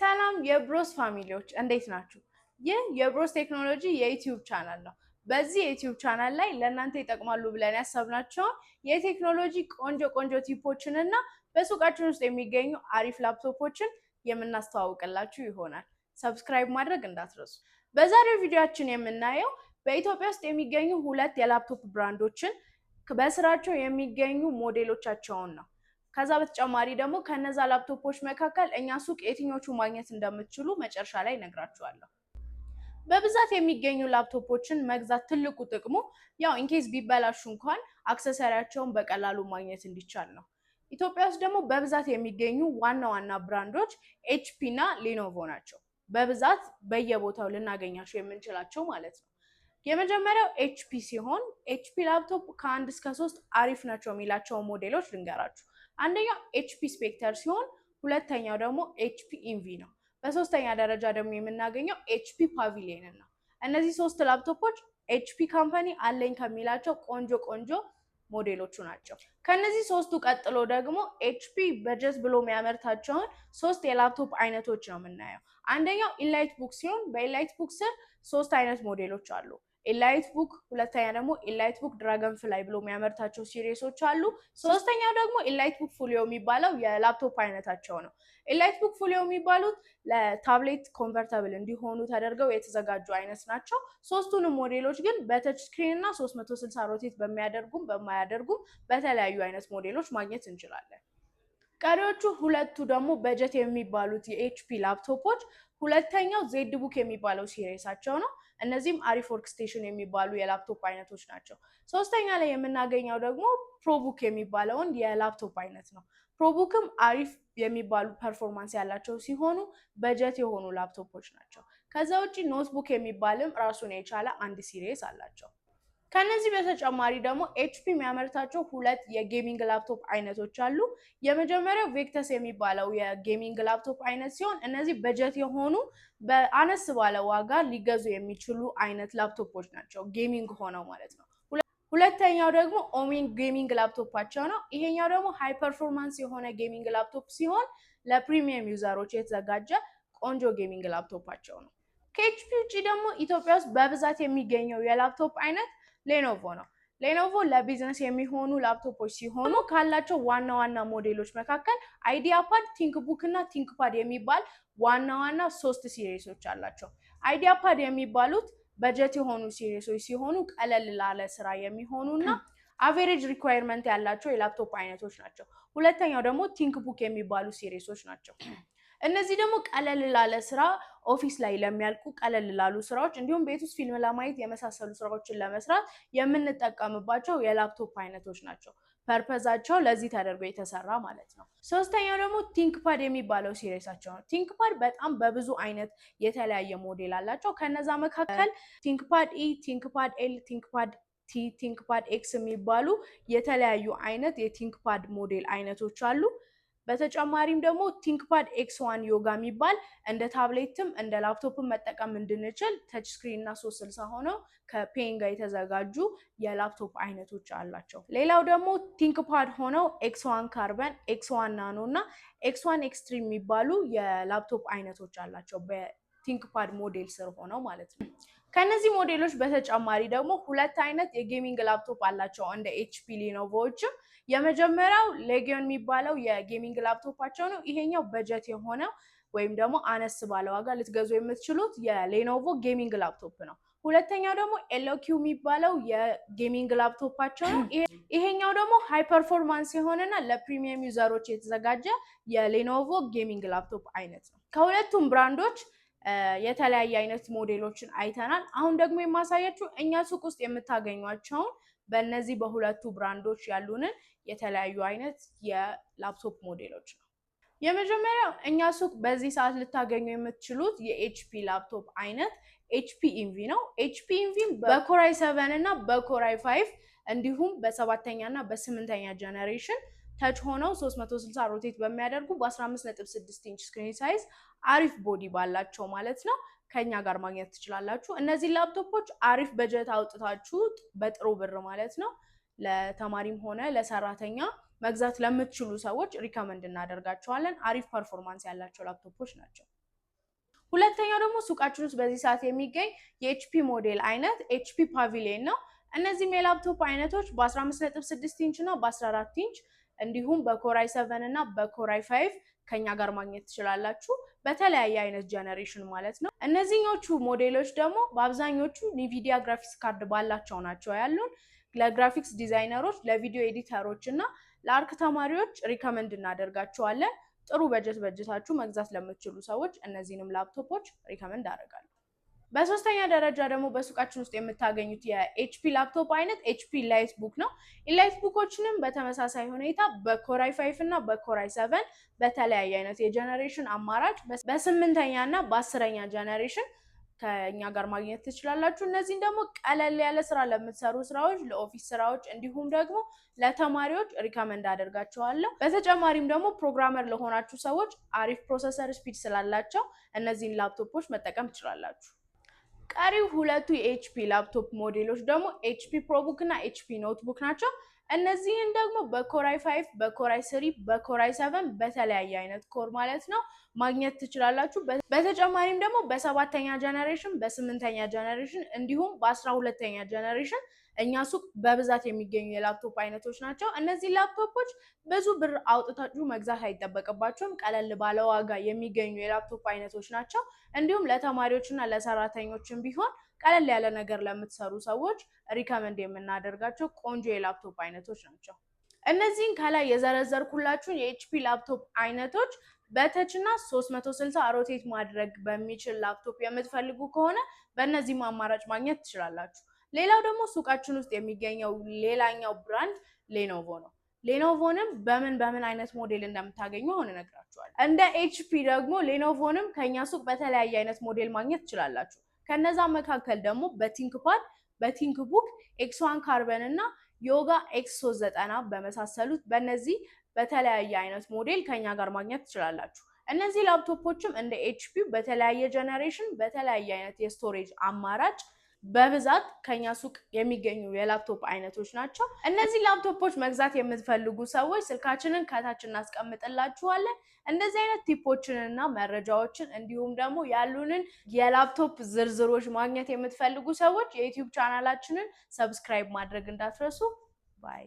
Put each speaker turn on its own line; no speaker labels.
ሰላም የብሮስ ፋሚሊዎች እንዴት ናችሁ? ይህ የብሮስ ቴክኖሎጂ የዩቲዩብ ቻናል ነው። በዚህ የዩቲዩብ ቻናል ላይ ለእናንተ ይጠቅማሉ ብለን ያሰብናቸውን የቴክኖሎጂ ቆንጆ ቆንጆ ቲፖችን እና በሱቃችን ውስጥ የሚገኙ አሪፍ ላፕቶፖችን የምናስተዋውቅላችሁ ይሆናል። ሰብስክራይብ ማድረግ እንዳትረሱ። በዛሬው ቪዲዮችን የምናየው በኢትዮጵያ ውስጥ የሚገኙ ሁለት የላፕቶፕ ብራንዶችን፣ በስራቸው የሚገኙ ሞዴሎቻቸውን ነው። ከዛ በተጨማሪ ደግሞ ከነዛ ላፕቶፖች መካከል እኛ ሱቅ የትኞቹ ማግኘት እንደምትችሉ መጨረሻ ላይ ነግራችኋለሁ። በብዛት የሚገኙ ላፕቶፖችን መግዛት ትልቁ ጥቅሙ ያው ኢንኬዝ ቢበላሹ እንኳን አክሰሰሪያቸውን በቀላሉ ማግኘት እንዲቻል ነው። ኢትዮጵያ ውስጥ ደግሞ በብዛት የሚገኙ ዋና ዋና ብራንዶች ኤችፒ እና ሌኖቮ ናቸው። በብዛት በየቦታው ልናገኛቸው የምንችላቸው ማለት ነው። የመጀመሪያው ኤችፒ ሲሆን ኤችፒ ላፕቶፕ ከአንድ እስከ ሶስት አሪፍ ናቸው የሚላቸው ሞዴሎች ልንገራችሁ። አንደኛው ኤችፒ ስፔክተር ሲሆን ሁለተኛው ደግሞ ኤችፒ ኢንቪ e ነው። በሶስተኛ ደረጃ ደግሞ የምናገኘው ኤችፒ ፓቪሊየንን ነው። እነዚህ ሶስት ላፕቶፖች ኤችፒ ካምፓኒ አለኝ ከሚላቸው ቆንጆ ቆንጆ ሞዴሎቹ ናቸው። ከነዚህ ሶስቱ ቀጥሎ ደግሞ ኤችፒ በጀት ብሎ የሚያመርታቸውን ሶስት የላፕቶፕ አይነቶች ነው የምናየው። አንደኛው ኢንላይት ቡክ ሲሆን በኢንላይት ቡክ ስር ሶስት አይነት ሞዴሎች አሉ። ኤላይት ቡክ፣ ሁለተኛ ደግሞ ኤላይት ቡክ ድራገን ፍላይ ብሎ የሚያመርታቸው ሲሪሶች አሉ። ሶስተኛው ደግሞ ኤላይት ቡክ ፉሊዮ የሚባለው የላፕቶፕ አይነታቸው ነው። ኤላይት ቡክ ፉሊዮ የሚባሉት ለታብሌት ኮንቨርተብል እንዲሆኑ ተደርገው የተዘጋጁ አይነት ናቸው። ሶስቱንም ሞዴሎች ግን በተች ስክሪን እና 360 ሮቴት በሚያደርጉም በማያደርጉም በተለያዩ አይነት ሞዴሎች ማግኘት እንችላለን። ቀሪዎቹ ሁለቱ ደግሞ በጀት የሚባሉት የኤችፒ ላፕቶፖች ሁለተኛው ዜድ ቡክ የሚባለው ሲሪሳቸው ነው። እነዚህም አሪፍ ወርክ ስቴሽን የሚባሉ የላፕቶፕ አይነቶች ናቸው። ሶስተኛ ላይ የምናገኘው ደግሞ ፕሮቡክ የሚባለውን የላፕቶፕ አይነት ነው። ፕሮቡክም አሪፍ የሚባሉ ፐርፎርማንስ ያላቸው ሲሆኑ በጀት የሆኑ ላፕቶፖች ናቸው። ከዛ ውጭ ኖትቡክ የሚባልም ራሱን የቻለ አንድ ሲሪየስ አላቸው። ከነዚህ በተጨማሪ ደግሞ ኤችፒ የሚያመርታቸው ሁለት የጌሚንግ ላፕቶፕ አይነቶች አሉ። የመጀመሪያው ቬክተስ የሚባለው የጌሚንግ ላፕቶፕ አይነት ሲሆን እነዚህ በጀት የሆኑ በአነስ ባለ ዋጋ ሊገዙ የሚችሉ አይነት ላፕቶፖች ናቸው፣ ጌሚንግ ሆነው ማለት ነው። ሁለተኛው ደግሞ ኦሚን ጌሚንግ ላፕቶፓቸው ነው። ይሄኛው ደግሞ ሃይ ፐርፎርማንስ የሆነ ጌሚንግ ላፕቶፕ ሲሆን ለፕሪሚየም ዩዘሮች የተዘጋጀ ቆንጆ ጌሚንግ ላፕቶፓቸው ነው። ከኤችፒ ውጭ ደግሞ ኢትዮጵያ ውስጥ በብዛት የሚገኘው የላፕቶፕ አይነት ሌኖቮ ነው። ሌኖቮ ለቢዝነስ የሚሆኑ ላፕቶፖች ሲሆኑ ካላቸው ዋና ዋና ሞዴሎች መካከል አይዲያ ፓድ፣ ቲንክ ቡክ እና ቲንክ ፓድ የሚባል ዋና ዋና ሶስት ሲሪሶች አላቸው። አይዲያ ፓድ የሚባሉት በጀት የሆኑ ሲሪሶች ሲሆኑ ቀለል ላለ ስራ የሚሆኑ እና አቬሬጅ ሪኳየርመንት ያላቸው የላፕቶፕ አይነቶች ናቸው። ሁለተኛው ደግሞ ቲንክ ቡክ የሚባሉ ሲሪሶች ናቸው። እነዚህ ደግሞ ቀለል ላለ ስራ ኦፊስ ላይ ለሚያልቁ ቀለል ላሉ ስራዎች እንዲሁም ቤት ውስጥ ፊልም ለማየት የመሳሰሉ ስራዎችን ለመስራት የምንጠቀምባቸው የላፕቶፕ አይነቶች ናቸው። ፐርፐዛቸው ለዚህ ተደርጎ የተሰራ ማለት ነው። ሶስተኛው ደግሞ ቲንክፓድ የሚባለው ሲሪሳቸው ነው። ቲንክፓድ በጣም በብዙ አይነት የተለያየ ሞዴል አላቸው። ከነዛ መካከል ቲንክፓድ ኢ፣ ቲንክፓድ ኤል፣ ቲንክፓድ ቲ፣ ቲንክፓድ ኤክስ የሚባሉ የተለያዩ አይነት የቲንክፓድ ሞዴል አይነቶች አሉ። በተጨማሪም ደግሞ ቲንክፓድ ኤክስ ዋን ዮጋ የሚባል እንደ ታብሌትም እንደ ላፕቶፕም መጠቀም እንድንችል ተች ስክሪን እና ሶስት ስልሳ ሆነው ከፔን ጋር የተዘጋጁ የላፕቶፕ አይነቶች አላቸው። ሌላው ደግሞ ቲንክፓድ ሆነው ኤክስ ዋን ካርበን፣ ኤክስ ዋን ናኖ እና ኤክስ ዋን ኤክስትሪም የሚባሉ የላፕቶፕ አይነቶች አላቸው በቲንክፓድ ሞዴል ስር ሆነው ማለት ነው። ከነዚህ ሞዴሎች በተጨማሪ ደግሞ ሁለት አይነት የጌሚንግ ላፕቶፕ አላቸው እንደ ኤችፒ ሊኖቮዎችም። የመጀመሪያው ሌጊዮን የሚባለው የጌሚንግ ላፕቶፓቸው ነው። ይሄኛው በጀት የሆነው ወይም ደግሞ አነስ ባለ ዋጋ ልትገዙ የምትችሉት የሌኖቮ ጌሚንግ ላፕቶፕ ነው። ሁለተኛው ደግሞ ኤሎኪው የሚባለው የጌሚንግ ላፕቶፓቸው ነው። ይሄኛው ደግሞ ሃይ ፐርፎርማንስ የሆነና ለፕሪሚየም ዩዘሮች የተዘጋጀ የሌኖቮ ጌሚንግ ላፕቶፕ አይነት ነው። ከሁለቱም ብራንዶች የተለያየ አይነት ሞዴሎችን አይተናል። አሁን ደግሞ የማሳያችሁ እኛ ሱቅ ውስጥ የምታገኟቸውን በእነዚህ በሁለቱ ብራንዶች ያሉንን የተለያዩ አይነት የላፕቶፕ ሞዴሎች ነው። የመጀመሪያው እኛ ሱቅ በዚህ ሰዓት ልታገኙ የምትችሉት የኤችፒ ላፕቶፕ አይነት ኤችፒ ኢንቪ ነው። ኤችፒ ኢንቪ በኮራይ ሰቨን እና በኮራይ ፋይቭ እንዲሁም በሰባተኛ እና በስምንተኛ ጀነሬሽን ተች ሆነው 360 ሮቴት በሚያደርጉ በ15.6 ኢንች ስክሪን ሳይዝ አሪፍ ቦዲ ባላቸው ማለት ነው ከኛ ጋር ማግኘት ትችላላችሁ። እነዚህ ላፕቶፖች አሪፍ በጀት አውጥታችሁ በጥሩ ብር ማለት ነው ለተማሪም ሆነ ለሰራተኛ መግዛት ለምትችሉ ሰዎች ሪከመንድ እናደርጋቸዋለን። አሪፍ ፐርፎርማንስ ያላቸው ላፕቶፖች ናቸው። ሁለተኛው ደግሞ ሱቃችን ውስጥ በዚህ ሰዓት የሚገኝ የኤችፒ ሞዴል አይነት ኤችፒ ፓቪሊየን ነው። እነዚህም የላፕቶፕ አይነቶች በ15.6 ኢንች እና በ14 ኢንች እንዲሁም በኮራይ ሰቨን እና በኮራይ ፋይቭ ከኛ ጋር ማግኘት ትችላላችሁ። በተለያየ አይነት ጀነሬሽን ማለት ነው። እነዚህኞቹ ሞዴሎች ደግሞ በአብዛኞቹ ኒቪዲያ ግራፊክስ ካርድ ባላቸው ናቸው ያሉን። ለግራፊክስ ዲዛይነሮች፣ ለቪዲዮ ኤዲተሮች እና ለአርክ ተማሪዎች ሪከመንድ እናደርጋቸዋለን። ጥሩ በጀት በጀታችሁ መግዛት ለምትችሉ ሰዎች እነዚህንም ላፕቶፖች ሪከመንድ አደርጋለሁ። በሶስተኛ ደረጃ ደግሞ በሱቃችን ውስጥ የምታገኙት የኤችፒ ላፕቶፕ አይነት ኤችፒ ኢላይት ቡክ ነው። ኢላይት ቡኮችንም በተመሳሳይ ሁኔታ በኮራይ ፋይፍ እና በኮራይ ሰቨን በተለያየ አይነት የጀኔሬሽን አማራጭ በስምንተኛ እና በአስረኛ ጀኔሬሽን ከኛ ጋር ማግኘት ትችላላችሁ። እነዚህን ደግሞ ቀለል ያለ ስራ ለምትሰሩ ስራዎች፣ ለኦፊስ ስራዎች እንዲሁም ደግሞ ለተማሪዎች ሪከመንድ አደርጋቸዋለሁ። በተጨማሪም ደግሞ ፕሮግራመር ለሆናችሁ ሰዎች አሪፍ ፕሮሰሰር ስፒድ ስላላቸው እነዚህን ላፕቶፖች መጠቀም ትችላላችሁ። ቀሪው ሁለቱ የኤችፒ ላፕቶፕ ሞዴሎች ደግሞ ኤችፒ ፕሮቡክ እና ኤችፒ ኖትቡክ ናቸው። እነዚህን ደግሞ በኮራይ ፋይቭ፣ በኮራይ ስሪ፣ በኮራይ ሰቨን በተለያየ አይነት ኮር ማለት ነው ማግኘት ትችላላችሁ። በተጨማሪም ደግሞ በሰባተኛ ጀነሬሽን፣ በስምንተኛ ጀነሬሽን እንዲሁም በአስራ ሁለተኛ ጀነሬሽን እኛ ሱቅ በብዛት የሚገኙ የላፕቶፕ አይነቶች ናቸው። እነዚህ ላፕቶፖች ብዙ ብር አውጥታችሁ መግዛት አይጠበቅባቸውም ቀለል ባለ ዋጋ የሚገኙ የላፕቶፕ አይነቶች ናቸው። እንዲሁም ለተማሪዎችና ለሰራተኞችም ቢሆን ቀለል ያለ ነገር ለምትሰሩ ሰዎች ሪከመንድ የምናደርጋቸው ቆንጆ የላፕቶፕ አይነቶች ናቸው። እነዚህን ከላይ የዘረዘርኩላችሁን የኤችፒ ላፕቶፕ አይነቶች በተችና 360 ሮቴት ማድረግ በሚችል ላፕቶፕ የምትፈልጉ ከሆነ በእነዚህም አማራጭ ማግኘት ትችላላችሁ። ሌላው ደግሞ ሱቃችን ውስጥ የሚገኘው ሌላኛው ብራንድ ሌኖቮ ነው። ሌኖቮንም በምን በምን አይነት ሞዴል እንደምታገኙ አሁን እነግራችኋለሁ። እንደ ኤችፒ ደግሞ ሌኖቮንም ከኛ ሱቅ በተለያየ አይነት ሞዴል ማግኘት ትችላላችሁ። ከነዛ መካከል ደግሞ በቲንክፓድ፣ በቲንክቡክ፣ ኤክስዋን ካርበን እና ዮጋ ኤክስ ሶስት ዘጠና በመሳሰሉት በእነዚህ በተለያየ አይነት ሞዴል ከኛ ጋር ማግኘት ትችላላችሁ። እነዚህ ላፕቶፖችም እንደ ኤችፒ በተለያየ ጀነሬሽን በተለያየ አይነት የስቶሬጅ አማራጭ በብዛት ከኛ ሱቅ የሚገኙ የላፕቶፕ አይነቶች ናቸው። እነዚህ ላፕቶፖች መግዛት የምትፈልጉ ሰዎች ስልካችንን ከታች እናስቀምጥላችኋለን። እንደዚህ አይነት ቲፖችንና መረጃዎችን እንዲሁም ደግሞ ያሉንን የላፕቶፕ ዝርዝሮች ማግኘት የምትፈልጉ ሰዎች የዩቲዩብ ቻናላችንን ሰብስክራይብ ማድረግ እንዳትረሱ ባይ